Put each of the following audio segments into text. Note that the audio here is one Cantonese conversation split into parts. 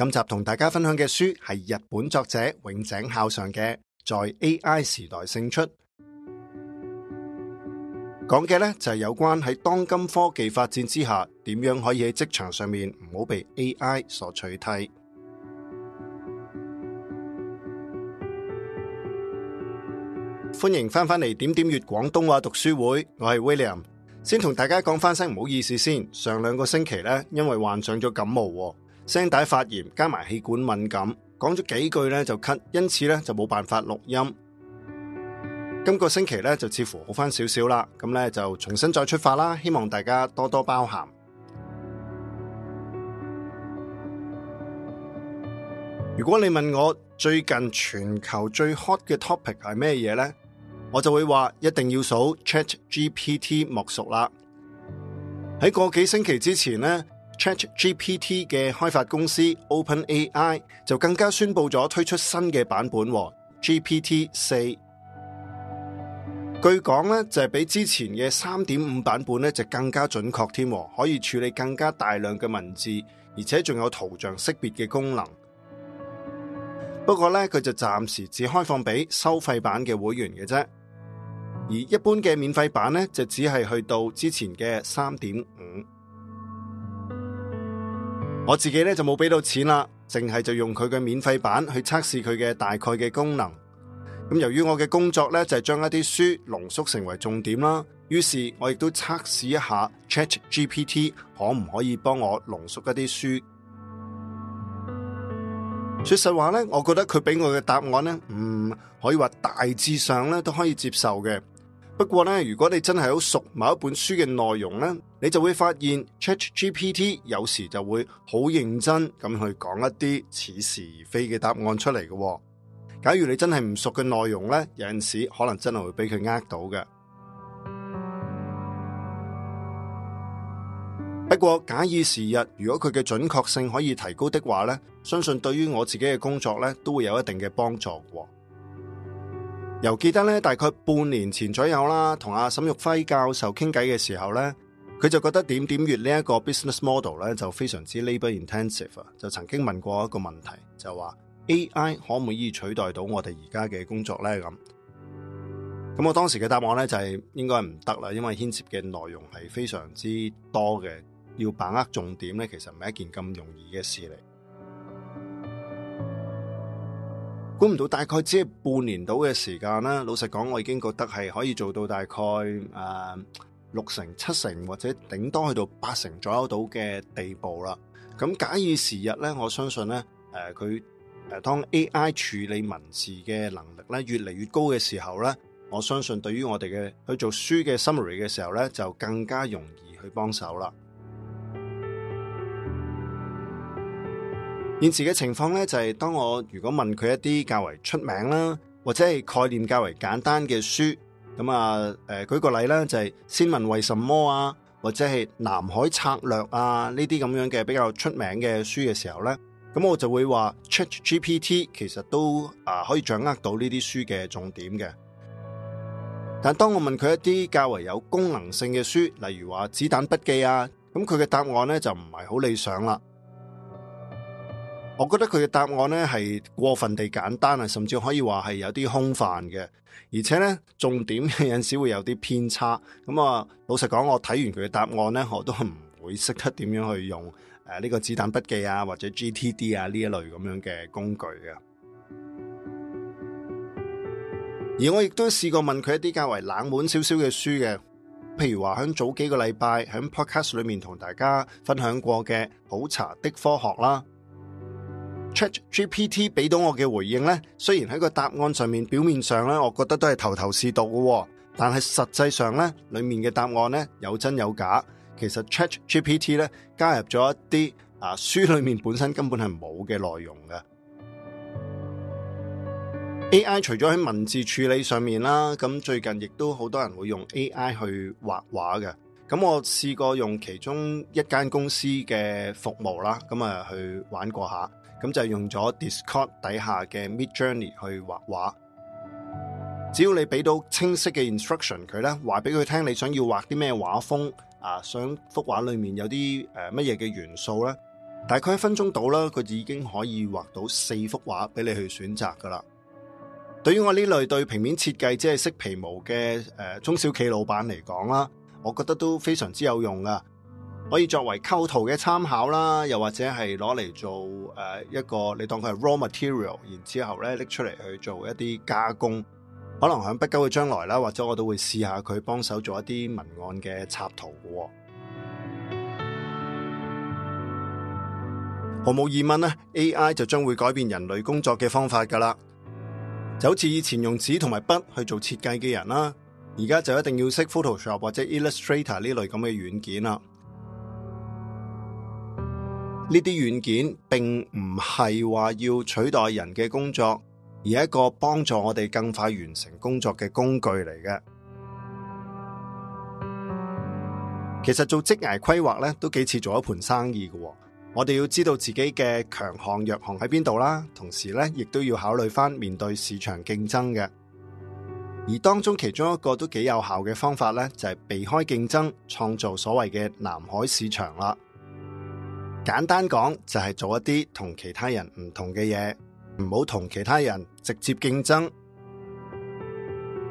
今集同大家分享嘅書係日本作者永井孝上嘅《在 A I 時代勝出》，講嘅呢就係有關喺當今科技發展之下，點樣可以喺職場上面唔好被 A I 所取代。歡迎翻返嚟點點粵廣東話讀書會，我係 William，先同大家講翻聲唔好意思先，上兩個星期呢，因為患上咗感冒。聲帶發炎加埋氣管敏感，講咗幾句咧就咳，因此咧就冇辦法錄音。今個星期咧就似乎好翻少少啦，咁咧就重新再出發啦，希望大家多多包涵。如果你問我最近全球最 hot 嘅 topic 係咩嘢咧，我就會話一定要數 ChatGPT 莫屬啦。喺個幾星期之前咧，ChatGPT 嘅開發公司 OpenAI 就更加宣布咗推出新嘅版本 GPT 四。據講咧就係比之前嘅三點五版本咧就更加準確添，可以處理更加大量嘅文字，而且仲有圖像識別嘅功能。不過咧，佢就暫時只開放俾收費版嘅會員嘅啫，而一般嘅免費版咧就只係去到之前嘅三點。我自己咧就冇俾到錢啦，淨係就用佢嘅免費版去測試佢嘅大概嘅功能。咁由於我嘅工作咧就係將一啲書濃縮成為重點啦，於是我亦都測試一下 ChatGPT 可唔可以幫我濃縮一啲書。說實話咧，我覺得佢俾我嘅答案咧，唔、嗯、可以話大致上咧都可以接受嘅。不過咧，如果你真係好熟某一本書嘅內容呢，你就會發現 ChatGPT 有時就會好認真咁去講一啲似是而非嘅答案出嚟嘅。假如你真係唔熟嘅內容呢，有陣時可能真係會俾佢呃到嘅。不過假以時日，如果佢嘅準確性可以提高的話呢，相信對於我自己嘅工作呢，都會有一定嘅幫助。又記得咧，大概半年前左右啦，同阿沈玉輝教授傾偈嘅時候咧，佢就覺得點點閱呢一個 business model 咧就非常之 labor intensive，就曾經問過一個問題，就話 AI 可唔可以取代到我哋而家嘅工作咧？咁，咁我當時嘅答案咧就係、是、應該唔得啦，因為牽涉嘅內容係非常之多嘅，要把握重點咧，其實唔係一件咁容易嘅事嚟。估唔到，大概只係半年到嘅時間啦。老實講，我已經覺得係可以做到大概、呃、六成、七成或者頂多去到八成左右到嘅地步啦。咁假以時日咧，我相信咧，誒佢當 AI 處理文字嘅能力咧越嚟越高嘅時候咧，我相信對於我哋嘅去做書嘅 summary 嘅時候咧，就更加容易去幫手啦。現時嘅情況咧，就係當我如果問佢一啲較為出名啦，或者係概念較為簡單嘅書，咁啊，誒，舉個例啦，就係先問為什麼啊，或者係南海策略啊呢啲咁樣嘅比較出名嘅書嘅時候咧，咁我就會話 ChatGPT 其實都啊可以掌握到呢啲書嘅重點嘅。但係當我問佢一啲較為有功能性嘅書，例如話子彈筆記啊，咁佢嘅答案咧就唔係好理想啦。我覺得佢嘅答案咧係過分地簡單啊，甚至可以話係有啲空泛嘅，而且咧重點有陣時會有啲偏差。咁啊，老實講，我睇完佢嘅答案咧，我都係唔會識得點樣去用誒呢、呃呢個子彈筆記啊，或者 GTD 啊呢一類咁樣嘅工具嘅。而我亦都試過問佢一啲較為冷門少少嘅書嘅，譬如話喺早幾個禮拜喺 Podcast 裏面同大家分享過嘅《好查的科學》啦。ChatGPT 俾到我嘅回應呢，雖然喺個答案上面表面上呢，我覺得都係頭頭是道嘅，但係實際上呢，裏面嘅答案呢，有真有假。其實 ChatGPT 咧加入咗一啲啊書裏面本身根本係冇嘅內容嘅。AI 除咗喺文字處理上面啦，咁最近亦都好多人會用 AI 去畫畫嘅。咁我試過用其中一間公司嘅服務啦，咁啊去玩過一下。咁就用咗 Discord 底下嘅 Midjourney 去畫畫，只要你俾到清晰嘅 instruction，佢咧話俾佢聽你想要畫啲咩畫風，啊，想幅畫裏面有啲誒乜嘢嘅元素咧，大概一分鐘到啦，佢就已經可以畫到四幅畫俾你去選擇噶啦。對於我呢類對平面設計即係識皮毛嘅誒中小企老闆嚟講啦，我覺得都非常之有用噶。可以作為構圖嘅參考啦，又或者係攞嚟做、呃、一個你當佢係 raw material，然之後咧拎出嚟去做一啲加工。可能喺不久嘅將來啦，或者我都會試下佢幫手做一啲文案嘅插圖嘅。毫無疑問咧，AI 就將會改變人類工作嘅方法㗎啦。就好似以前用紙同埋筆去做設計嘅人啦，而家就一定要識 Photoshop 或者 Illustrator 呢類咁嘅軟件啦。呢啲軟件並唔係話要取代人嘅工作，而係一個幫助我哋更快完成工作嘅工具嚟嘅。其實做職涯規劃咧都幾似做一盤生意嘅。我哋要知道自己嘅強項弱項喺邊度啦，同時咧亦都要考慮翻面對市場競爭嘅。而當中其中一個都幾有效嘅方法咧，就係避開競爭，創造所謂嘅南海市場啦。簡單講就係做一啲同其他人唔同嘅嘢，唔好同其他人直接競爭。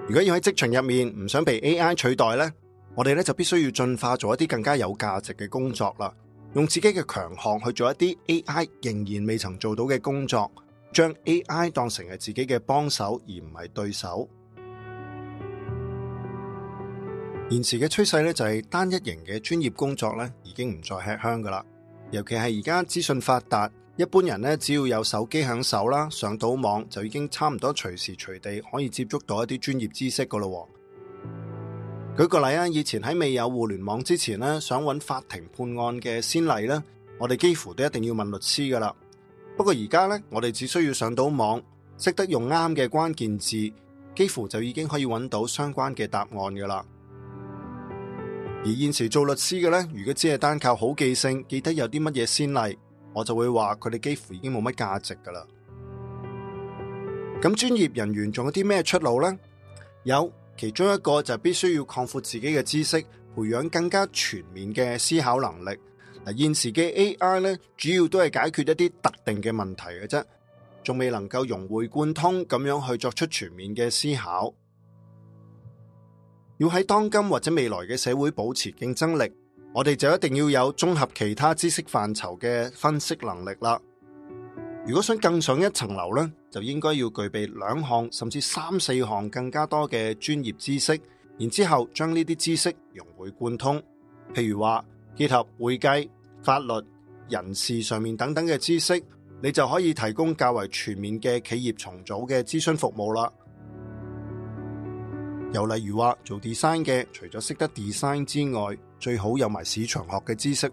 如果要喺職場入面唔想被 AI 取代呢，我哋咧就必須要進化做一啲更加有價值嘅工作啦，用自己嘅強項去做一啲 AI 仍然未曾做到嘅工作，將 AI 當成係自己嘅幫手而唔係對手。現時嘅趨勢咧就係單一型嘅專業工作咧已經唔再吃香噶啦尤其係而家資訊發達，一般人咧只要有手機喺手啦，上到網就已經差唔多隨時隨地可以接觸到一啲專業知識噶咯。舉個例啊，以前喺未有互聯網之前咧，想揾法庭判案嘅先例咧，我哋幾乎都一定要問律師噶啦。不過而家咧，我哋只需要上到網，識得用啱嘅關鍵字，幾乎就已經可以揾到相關嘅答案噶啦。而現時做律師嘅咧，如果只係單靠好記性，記得有啲乜嘢先例，我就會話佢哋幾乎已經冇乜價值噶啦。咁專業人員仲有啲咩出路呢？有，其中一個就是必須要擴闊自己嘅知識，培養更加全面嘅思考能力。嗱，現時嘅 AI 咧，主要都係解決一啲特定嘅問題嘅啫，仲未能夠融會貫通咁樣去作出全面嘅思考。要喺當今或者未來嘅社會保持競爭力，我哋就一定要有綜合其他知識範疇嘅分析能力啦。如果想更上一層樓咧，就應該要具備兩項甚至三四項更加多嘅專業知識，然之後將呢啲知識融會貫通。譬如話結合會計、法律、人事上面等等嘅知識，你就可以提供較為全面嘅企業重組嘅諮詢服務啦。又例如話做 design 嘅，除咗識得 design 之外，最好有埋市場學嘅知識。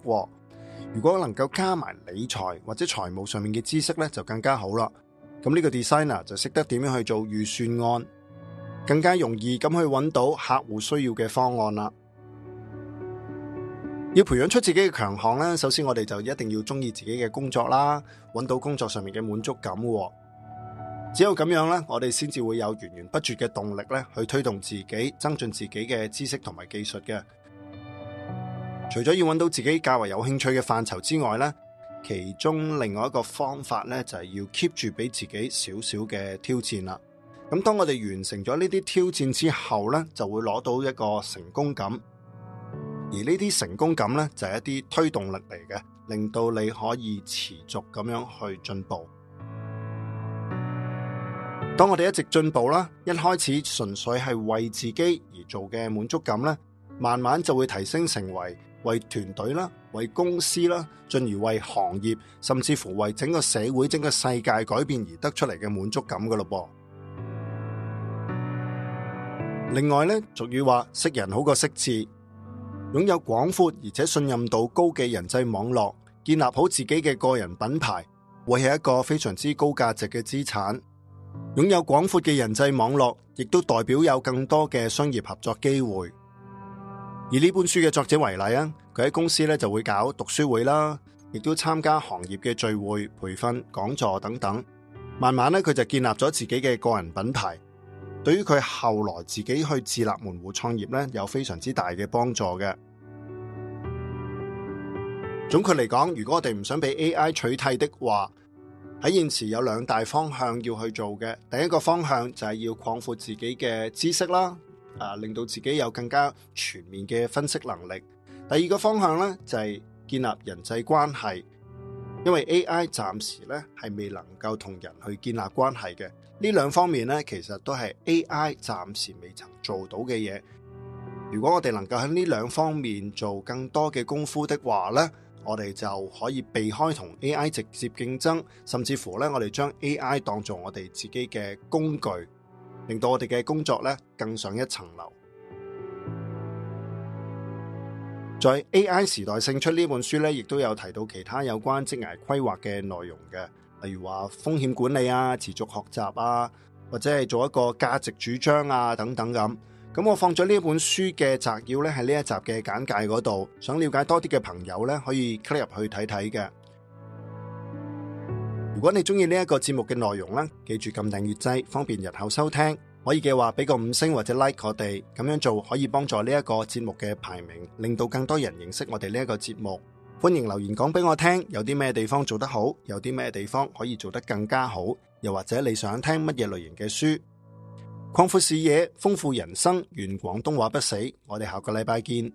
如果能夠加埋理財或者財務上面嘅知識咧，就更加好啦。咁呢個 designer 就識得點樣去做預算案，更加容易咁去揾到客戶需要嘅方案啦。要培養出自己嘅強項咧，首先我哋就一定要中意自己嘅工作啦，揾到工作上面嘅滿足感。只有咁樣咧，我哋先至會有源源不絕嘅動力咧，去推動自己，增進自己嘅知識同埋技術嘅。除咗要揾到自己較為有興趣嘅範疇之外咧，其中另外一個方法咧，就係要 keep 住俾自己少少嘅挑戰啦。咁當我哋完成咗呢啲挑戰之後咧，就會攞到一個成功感。而呢啲成功感咧就係一啲推動力嚟嘅，令到你可以持續咁樣去進步。當我哋一直進步啦，一開始純粹係為自己而做嘅滿足感咧，慢慢就會提升成為為團隊啦、為公司啦，進而為行業，甚至乎為整個社會、整個世界改變而得出嚟嘅滿足感噶咯噃。另外咧，俗語話，識人好過識字，擁有廣闊而且信任度高嘅人際網絡，建立好自己嘅個人品牌，會係一個非常之高價值嘅資產。擁有廣闊嘅人際網絡，亦都代表有更多嘅商業合作機會。以呢本書嘅作者為例啊，佢喺公司咧就會搞讀書會啦，亦都參加行業嘅聚會、培訓、講座等等。慢慢咧，佢就建立咗自己嘅個人品牌。對於佢後來自己去自立門戶創業咧，有非常之大嘅幫助嘅。總括嚟講，如果我哋唔想畀 AI 取代的話。喺現時有兩大方向要去做嘅，第一個方向就係要擴闊自己嘅知識啦，啊，令到自己有更加全面嘅分析能力。第二個方向呢，就係建立人際關係，因為 AI 暫時呢係未能夠同人去建立關係嘅。呢兩方面呢，其實都係 AI 暫時未曾做到嘅嘢。如果我哋能夠喺呢兩方面做更多嘅功夫的話呢。我哋就可以避開同 AI 直接競爭，甚至乎咧，我哋將 AI 當做我哋自己嘅工具，令到我哋嘅工作咧更上一層樓。在 AI 時代勝出呢本書咧，亦都有提到其他有關職涯規劃嘅內容嘅，例如話風險管理啊、持續學習啊，或者係做一個價值主張啊等等咁。咁我放咗呢一本書嘅摘要咧，喺呢一集嘅簡介嗰度。想了解多啲嘅朋友咧，可以 click 入去睇睇嘅。如果你中意呢一個節目嘅內容啦，記住撳訂閱掣，方便日後收聽。可以嘅話，俾個五星或者 like 我哋，咁樣做可以幫助呢一個節目嘅排名，令到更多人認識我哋呢一個節目。歡迎留言講俾我聽，有啲咩地方做得好，有啲咩地方可以做得更加好，又或者你想聽乜嘢類型嘅書。擴闊視野，豐富人生，願廣東話不死。我哋下個禮拜見。